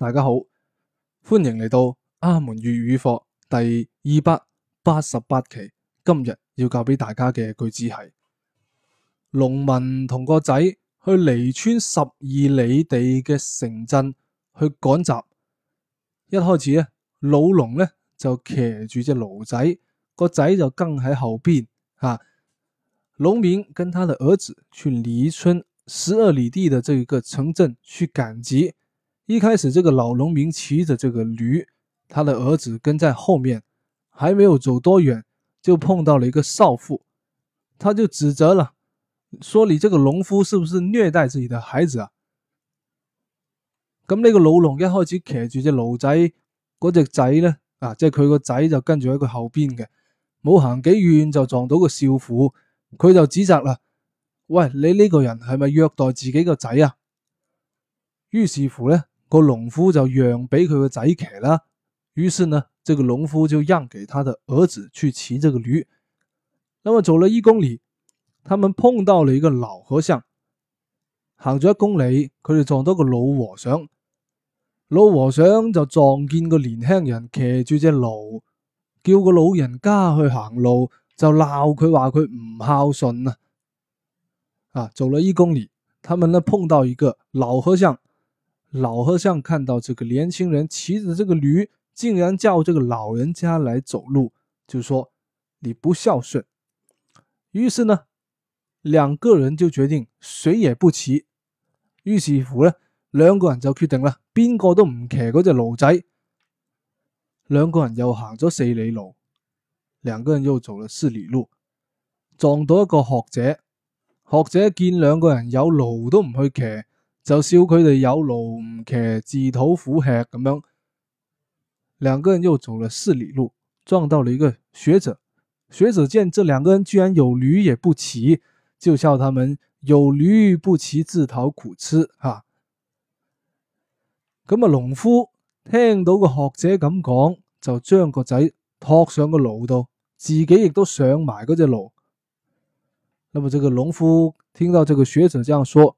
大家好，歡迎嚟到阿門粵語課第二百八十八期。今日要教俾大家嘅句子係：農民同個仔去離村十二里地嘅城鎮去趕集。一開始啊，老農呢就騎住隻驢仔，個仔就跟喺後邊。吓、啊，農民跟他的兒子去離村十二里地的這個城鎮去趕集。一開始，這個老農民騎着這個驢，他的兒子跟在後面，還沒有走多遠，就碰到了一個少婦，他就指責了，說你這個農夫是不是虐待自己的孩子啊？咁，呢個老農一開始騎住隻驢仔，嗰、那、隻、個、仔咧啊，即係佢個仔就跟住喺佢後邊嘅，冇行幾遠就撞到個少婦，佢就指責啦，喂，你呢個人係咪虐待自己個仔啊？於是乎咧。個農夫就讓俾佢個仔騎啦，於是呢，這個農夫就讓給他的兒子去騎這個驢。那麼走了一公里，他們碰到了一個老和尚。行咗一公里，佢哋撞到個老和尚，老和尚就撞見個年輕人騎住隻驢，叫個老人家去行路，就鬧佢話佢唔孝順啊！啊，走了一公里，他們呢碰到一個老和尚。老和尚看到這個年輕人騎着這個驢，竟然叫這個老人家來走路，就說：“你不孝順。”於是呢，兩個人就決定誰也不騎。於是乎呢，兩個人就決定了，邊個都唔騎嗰隻驢仔。兩個人又行咗四里路，兩個人又走了四里路，撞到一個學者。學者見兩個人有驢都唔去騎。就笑佢哋有驢唔騎，自討苦吃咁樣。兩個人又走了四里路，撞到了一個學者。學者見這兩個人居然有驢也不騎，就笑他們有驢不騎，自討苦吃啊！咁啊，農夫聽到個學者咁講，就將個仔托上個驢度，自己亦都上埋個隻驢。那麼，這個農夫聽到這個學者這樣說。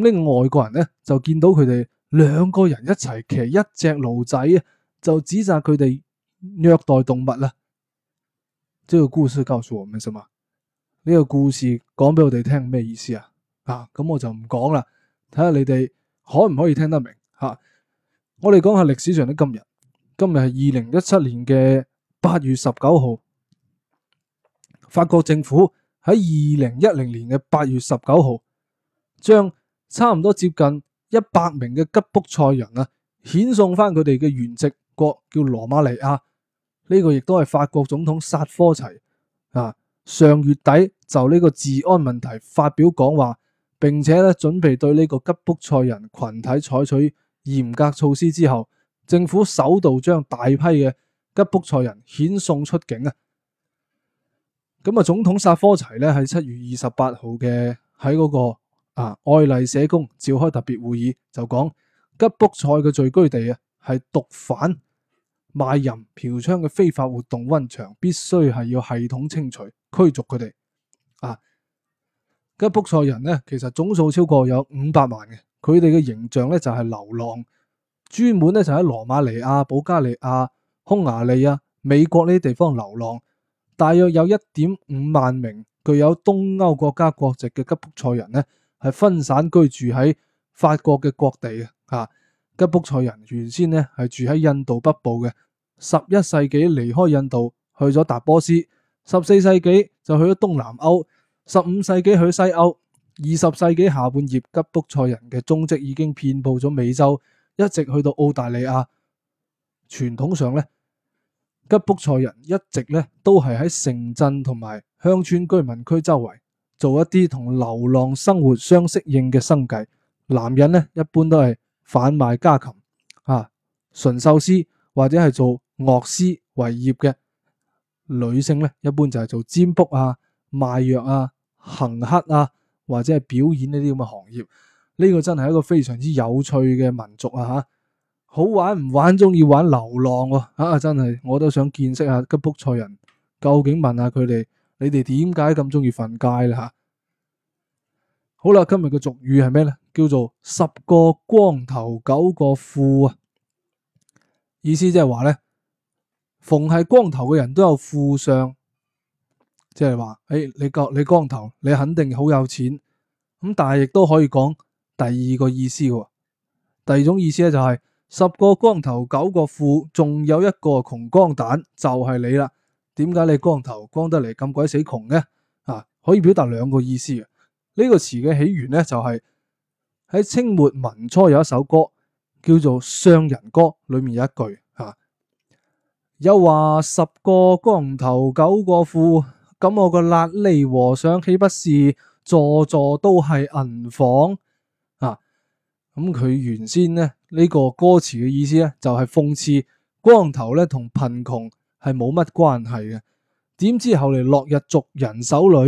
呢個外國人咧就見到佢哋兩個人一齊騎一隻驢仔啊，就指責佢哋虐待動物啦。即、這個故事告訴我們什麼？呢、這個故事講俾我哋聽咩意思啊？啊，咁我就唔講啦。睇下你哋可唔可以聽得明吓、啊？我哋講下歷史上的今日。今日係二零一七年嘅八月十九號，法國政府喺二零一零年嘅八月十九號將差唔多接近一百名嘅吉卜賽人啊，遣送翻佢哋嘅原籍國叫羅馬尼亞。呢個亦都係法國總統薩科齊啊，上月底就呢個治安問題發表講話，並且咧準備對呢個吉卜賽人群體採取嚴格措施之後，政府首度將大批嘅吉卜賽人遣送出境啊。咁啊，總統薩科齊咧係七月二十八號嘅喺嗰個。啊！愛麗舍宮召開特別會議，就講吉卜賽嘅聚居地啊，係毒販、賣淫、嫖娼嘅非法活動温場，必須係要系統清除驅逐佢哋啊。吉卜賽人呢，其實總數超過有五百萬嘅，佢哋嘅形象咧就係流浪，專門咧就喺羅馬尼亞、保加利亞、匈牙利啊、美國呢啲地方流浪。大約有一點五萬名具有東歐國家國籍嘅吉卜賽人呢。係分散居住喺法國嘅各地嘅吓，啊，吉卜賽人原先咧係住喺印度北部嘅，十一世紀離開印度去咗達波斯，十四世紀就去咗東南歐，十五世紀去西歐，二十世紀下半葉吉卜賽人嘅蹤迹已經遍布咗美洲，一直去到澳大利亞。傳統上咧，吉卜賽人一直咧都係喺城鎮同埋鄉村居民區周圍。做一啲同流浪生活相適應嘅生計，男人咧一般都係販賣家禽、吓純壽司或者係做樂師為業嘅，女性咧一般就係做占卜啊、賣藥啊、行乞啊或者係表演呢啲咁嘅行業。呢個真係一個非常之有趣嘅民族啊！吓，好玩唔玩？中意玩流浪啊！啊真係我都想見識下吉卜賽人，究竟問下佢哋。你哋點解咁中意瞓街啦吓？好啦，今日嘅俗語係咩咧？叫做十個光頭九個富啊！意思即係話咧，逢係光頭嘅人都有富相，即係話，誒、哎，你覺你光頭，你肯定好有錢咁，但係亦都可以講第二個意思喎。第二種意思咧就係、是、十個光頭九個富，仲有一個窮光蛋就係、是、你啦。點解你光頭光得嚟咁鬼死窮呢？啊，可以表達兩個意思嘅。呢、呢個詞嘅起源呢就係喺清末民初有一首歌叫做《商人歌》，裏面有一句啊，又話十個光頭九個富，咁我個辣痢和尚豈不是座座都係銀房？啊，咁、嗯、佢原先呢呢、呢個歌詞嘅意思呢就係諷刺光頭呢同貧窮。係冇乜關係嘅，點知後嚟落入族人手裏，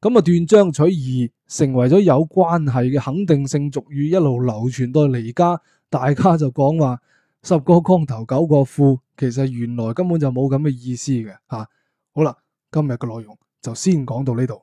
咁啊，斷章取義，成為咗有關係嘅肯定性俗語，一路流傳到而家，大家就講話十個光頭九個富，其實原來根本就冇咁嘅意思嘅，吓、啊。好啦，今日嘅內容就先講到呢度。